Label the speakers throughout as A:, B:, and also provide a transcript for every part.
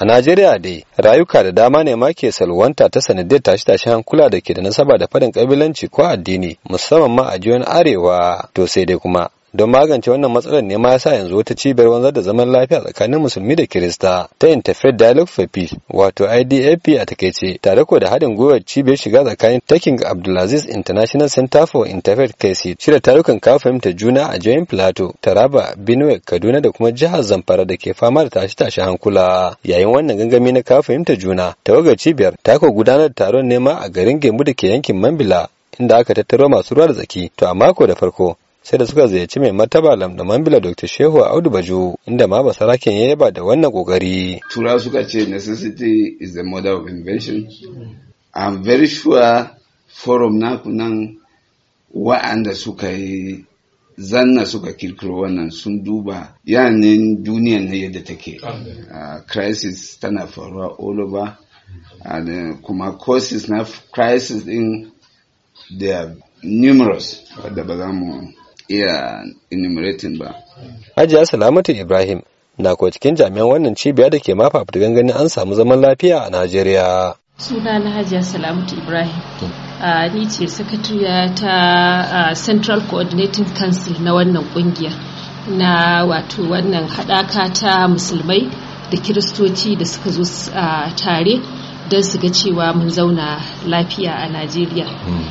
A: A Najeriya dai rayuka da dama ne ma ke salwanta ta sanadiyar tashe-tashen hankula da ke da nasaba da faɗin ƙabilanci ko addini musamman ma a jiyon arewa to sai dai kuma don magance wannan matsalar ne ma yasa yanzu wata cibiyar wanzar da zaman lafiya tsakanin musulmi da kirista ta interfaith dialogue for peace wato idap a takaice tare ko da haɗin gwiwar cibiyar shiga tsakanin taking abdulaziz international center for interfaith kc shirya tarukan kawo fahimtar juna a jihohin plateau taraba benue kaduna da kuma jihar zamfara da ke fama da tashe-tashe hankula yayin wannan gangami na kawo fahimtar juna tawagar cibiyar ta ko gudanar taron nema a garin gembu da ke yankin mambila inda aka tattaro masu ruwa da tsaki to a mako da farko sai da suka ziyarci mai martaba lamdaman bila dr shehu audu Baju, inda ma basarakin ya ba da wannan kokari tura suka ce necessity is the mother of invention i'm very sure forum naku nan wa'anda suka yi zanna suka kirkiro wannan sun duba yanin duniya na yadda take ah, crisis tana faruwa all over and eh, kuma causes na crisis din they are numerous da ba za mu iya enumerating ba. Hajiya Salamatu Ibrahim na kuwa cikin jami'an wannan cibiya da ke mafa ganin an samu zaman lafiya a Najeriya.
B: Suna na Hajiya Salamatu Ibrahim. ni ce sakatariya ta Central Coordinating Council na wannan kungiya na wato wannan haɗaka ta musulmai da kiristoci da suka zo tare don su ga cewa mun zauna lafiya a najeriya hmm.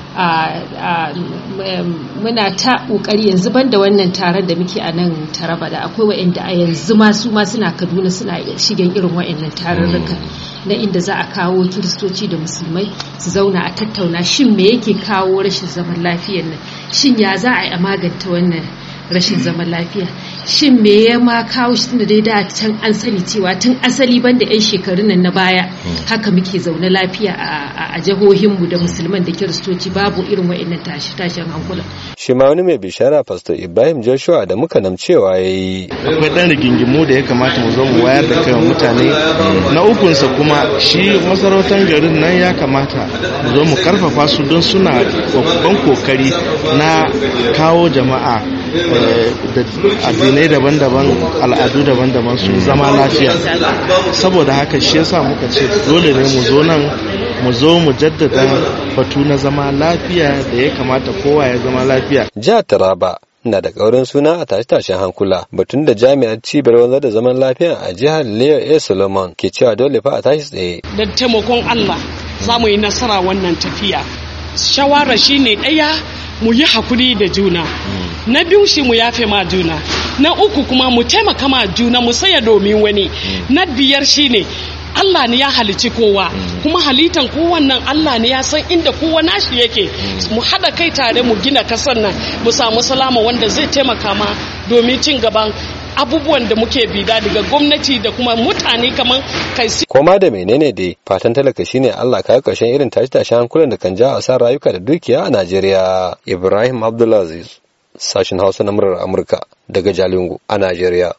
B: muna ta ƙoƙari yanzu ban da wannan taron da muke a nan taraba da akwai wa'anda a yanzu masu su ma suna kaduna suna shigen irin wa'annan tarurruka hmm. na inda za a kawo kiristoci da musulmai su zauna a tattauna shin me yake kawo rashin zaman lafiyar nan shin ya za a yi a maganta wannan rashin hmm. zaman lafiya shin me ya ma kawo shi tun dai da can an sani cewa tun asali ban da yan shekarun nan na baya hmm. haka muke zaune lafiya a jihohinmu da hmm. musulman da kiristoci babu irin wa'annan tashi tashin hankula
A: shi ma wani mai bishara Fasto ibrahim joshua
C: da muka nam cewa ya yi akwai ɗan rigingimu da ya kamata mu zo mu wayar da kan mutane na ukunsa kuma shi masarautar garin nan ya kamata mu zo mu karfafa su don suna babban kokari na kawo jama'a Eh, da addinai daban-daban al'adu daban-daban su zama lafiya saboda haka shi yasa muka ce dole ne mu zo nan mu zo mu jaddada batu na zama lafiya da ya kamata kowa ya zama lafiya jihar taraba na da ƙaurin suna
A: a tashe-tashen hankula batun da jami'ar cibiyar wanzar da zaman lafiya a jihar leo a solomon ke cewa dole fa a tashi tsaye
D: da taimakon allah za mu yi nasara wannan tafiya shawara shine ɗaya mu yi hakuri da juna mm. na biyu shi mu yafe ma juna na uku kuma mu taimaka ma juna mu saya domin wani mm. na biyar shine Allah ne ya halici kowa mm. kuma halitan kowannan Allah ne ya san inda kowa nashi yake mu haɗa kai tare mu gina kasar nan mu samu salama wanda zai taimaka ma domin cin gaban abubuwan da muke bida daga gwamnati da kuma mutane kamar
A: kai koma da menene dai fatan talaka shine Allah ka karshen irin tashi tashi hankulan da kan ja a san rayuka da dukiya a Najeriya Ibrahim Abdulaziz sashen Hausa na murar Amurka daga Jalingo a Najeriya